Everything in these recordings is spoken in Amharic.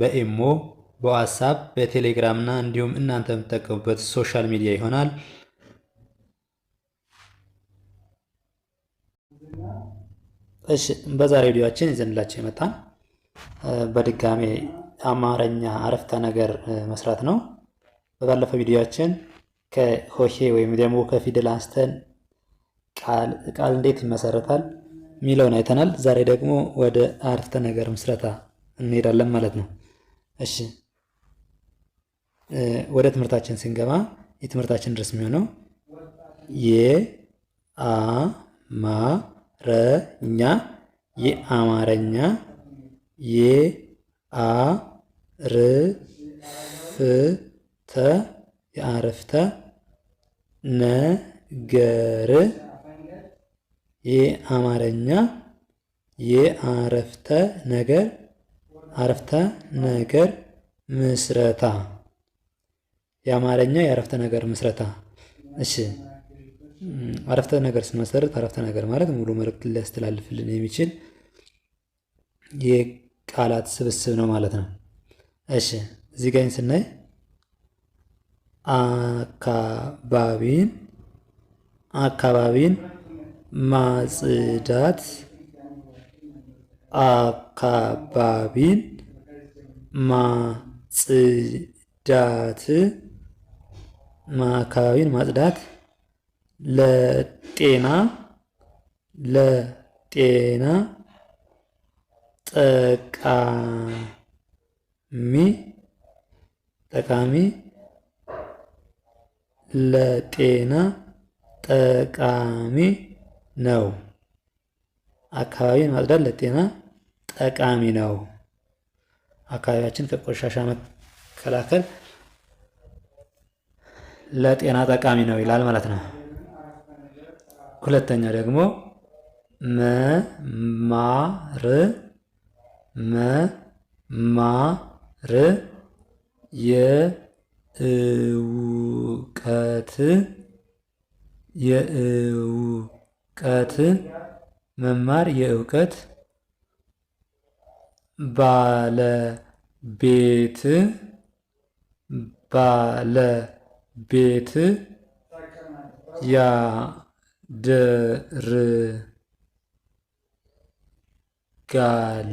በኤሞ በዋትሳፕ በቴሌግራም እና እንዲሁም እናንተ የምትጠቀሙበት ሶሻል ሚዲያ ይሆናል። እሺ በዛሬ ቪዲዮችን ይዘንላቸው የመጣን በድጋሜ አማርኛ አረፍተ ነገር መስራት ነው። በባለፈው ቪዲዮችን ከሆሄ ወይም ደግሞ ከፊደል አንስተን ቃል ቃል እንዴት ይመሰረታል የሚለውን አይተናል። ዛሬ ደግሞ ወደ አረፍተ ነገር ምስረታ እንሄዳለን ማለት ነው። እሺ ወደ ትምህርታችን ስንገባ የትምህርታችን ድረስ የሚሆነው የአማረኛ የአማረኛ የአርፍተ የአርፍተ ነገር የአማረኛ የአረፍተ ነገር አረፍተ ነገር ምስረታ የአማርኛ የአረፍተ ነገር ምስረታ። እሺ አረፍተ ነገር ስንመሰርት አረፍተ ነገር ማለት ሙሉ መልእክት ሊያስተላልፍልን የሚችል የቃላት ስብስብ ነው ማለት ነው። እሺ እዚህ ጋኝ ስናይ አካባቢን አካባቢን ማጽዳት አካባቢን ማጽዳት አካባቢን ማጽዳት ለጤና ለጤና ጠቃሚ ጠቃሚ ለጤና ጠቃሚ ነው። አካባቢን ማጽዳት ለጤና ጠቃሚ ነው። አካባቢያችን ከቆሻሻ መከላከል ለጤና ጠቃሚ ነው ይላል ማለት ነው። ሁለተኛ ደግሞ መማር መማር የእውቀት የእውቀት መማር የእውቀት ባለቤት ባለቤት ያደርጋል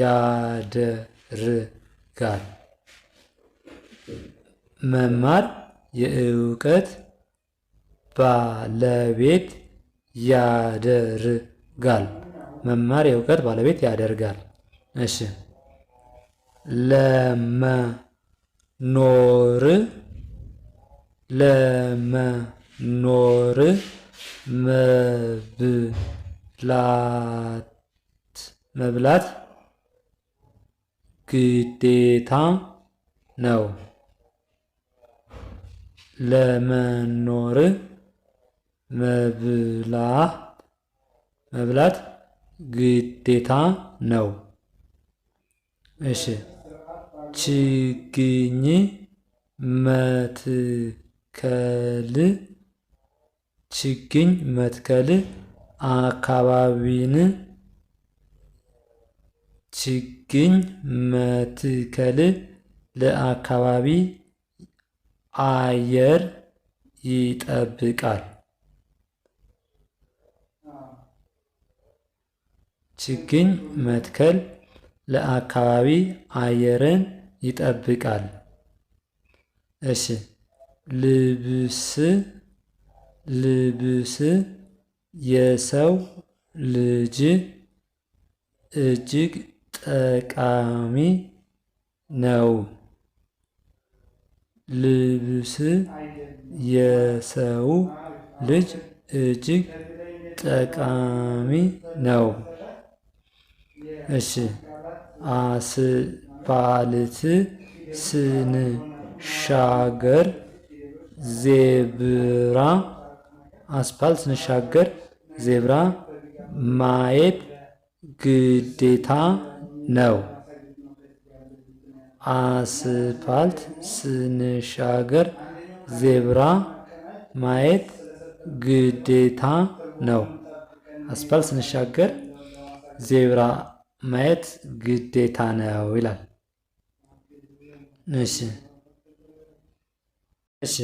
ያደርጋል። መማር የእውቀት ባለቤት ያደርጋል። መማር የእውቀት ባለቤት ያደርጋል። እሺ ለመኖር ለመኖር መብላት መብላት ግዴታ ነው። ለመኖር መብላ መብላት ግዴታ ነው። እሺ ችግኝ መትከል ችግኝ መትከል አካባቢን ችግኝ መትከል ለአካባቢ አየር ይጠብቃል። ችግኝ መትከል ለአካባቢ አየርን ይጠብቃል። እሺ ልብስ ልብስ የሰው ልጅ እጅግ ጠቃሚ ነው። ልብስ የሰው ልጅ እጅግ ጠቃሚ ነው። እሺ አስፋልት ስንሻገር ዜብራ አስፓልት ስንሻገር ዜብራ ማየት ግዴታ ነው። አስፋልት ስንሻገር ዜብራ ማየት ግዴታ ነው። አስፓልት ስንሻገር ዜብራ ማየት ግዴታ ነው ይላል። እሺ እሺ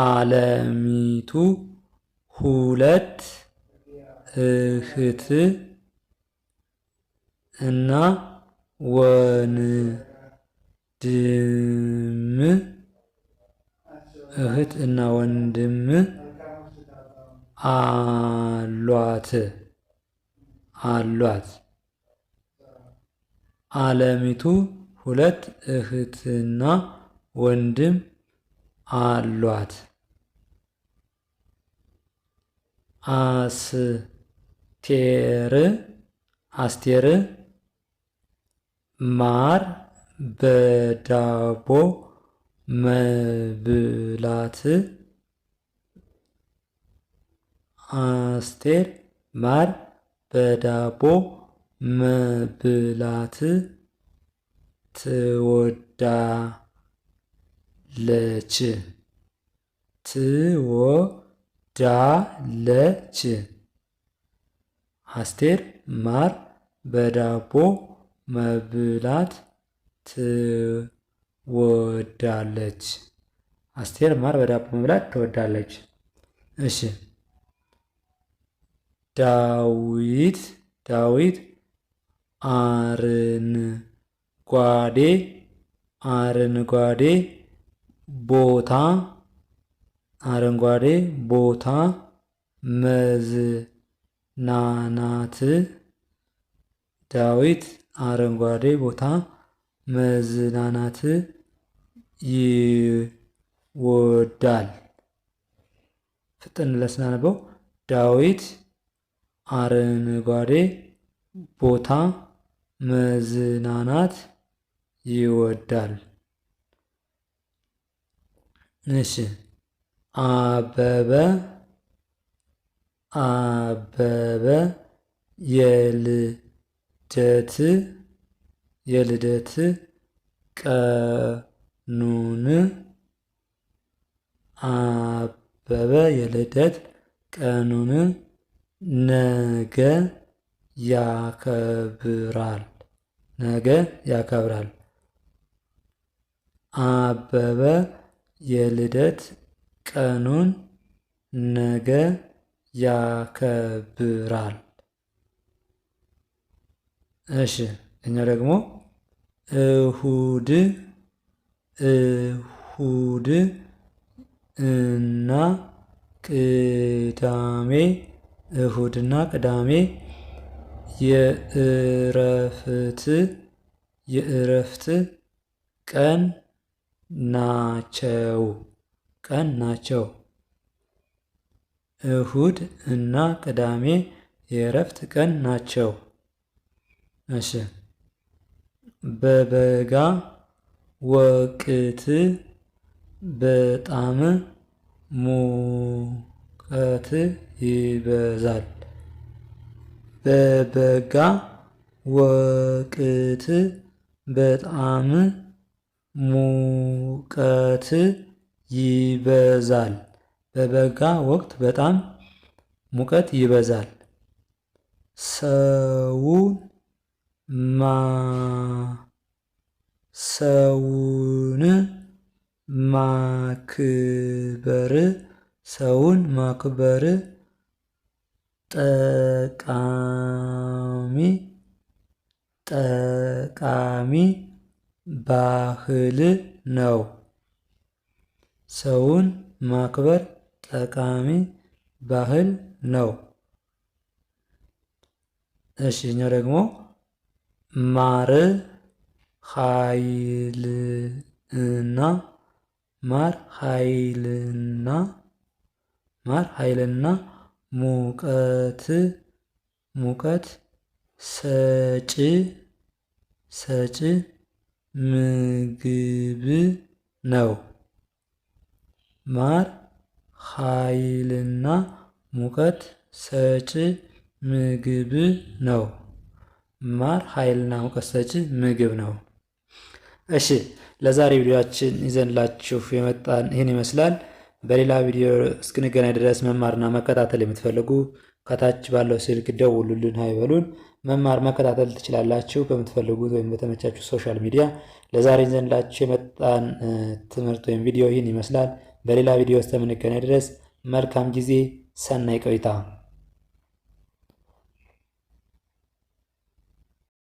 አለሚቱ ሁለት እህት እና ወንድም እህት እና ወንድም አሏት አሏት። አለሚቱ ሁለት እህትና ወንድም አሏት። አስቴር አስቴር ማር በዳቦ መብላት አስቴር ማር በዳቦ መብላት ትወዳለች ትወዳለች። አስቴር ማር በዳቦ መብላት ትወዳለች። አስቴር ማር በዳቦ መብላት ትወዳለች። እሺ ዳዊት ዳዊት አረንጓዴ አረንጓዴ ቦታ አረንጓዴ ቦታ መዝናናት ዳዊት አረንጓዴ ቦታ መዝናናት ይወዳል። ፍጥን ለስናነበው ዳዊት አረንጓዴ ቦታ መዝናናት ይወዳል። እሺ አበበ አበበ የልደት የልደት ቀኑን አበበ የልደት ቀኑን ነገ ያከብራል ነገ ያከብራል። አበበ የልደት ቀኑን ነገ ያከብራል። እሺ እኛ ደግሞ እሁድ እሁድ እና ቅዳሜ እሁድና ቅዳሜ የእረፍት የእረፍት ቀን ናቸው ቀን ናቸው። እሁድ እና ቅዳሜ የእረፍት ቀን ናቸው። እሺ በበጋ ወቅት በጣም ሙ ሙቀት ይበዛል። በበጋ ወቅት በጣም ሙቀት ይበዛል። በበጋ ወቅት በጣም ሙቀት ይበዛል። ሰውን ማ ሰውን ማክበር ሰውን ማክበር ጠቃሚ ጠቃሚ ባህል ነው። ሰውን ማክበር ጠቃሚ ባህል ነው። እሺ እኛው ደግሞ ማር ኃይልና ማር ኃይልና ማር ኃይልና ሙቀት ሙቀት ሰጪ ሰጪ ምግብ ነው። ማር ኃይልና ሙቀት ሰጪ ምግብ ነው። ማር ኃይልና ሙቀት ሰጪ ምግብ ነው። እሺ ለዛሬ ቪዲዮችን ይዘንላችሁ የመጣን ይህን ይመስላል። በሌላ ቪዲዮ እስክንገናኝ ድረስ መማርና መከታተል የምትፈልጉ ከታች ባለው ስልክ ደውሉልን፣ ሀይበሉን መማር መከታተል ትችላላችሁ በምትፈልጉት ወይም በተመቻችሁ ሶሻል ሚዲያ። ለዛሬ ዘንላችሁ የመጣን ትምህርት ወይም ቪዲዮ ይህን ይመስላል። በሌላ ቪዲዮ እስከምንገናኝ ድረስ መልካም ጊዜ፣ ሰናይ ቆይታ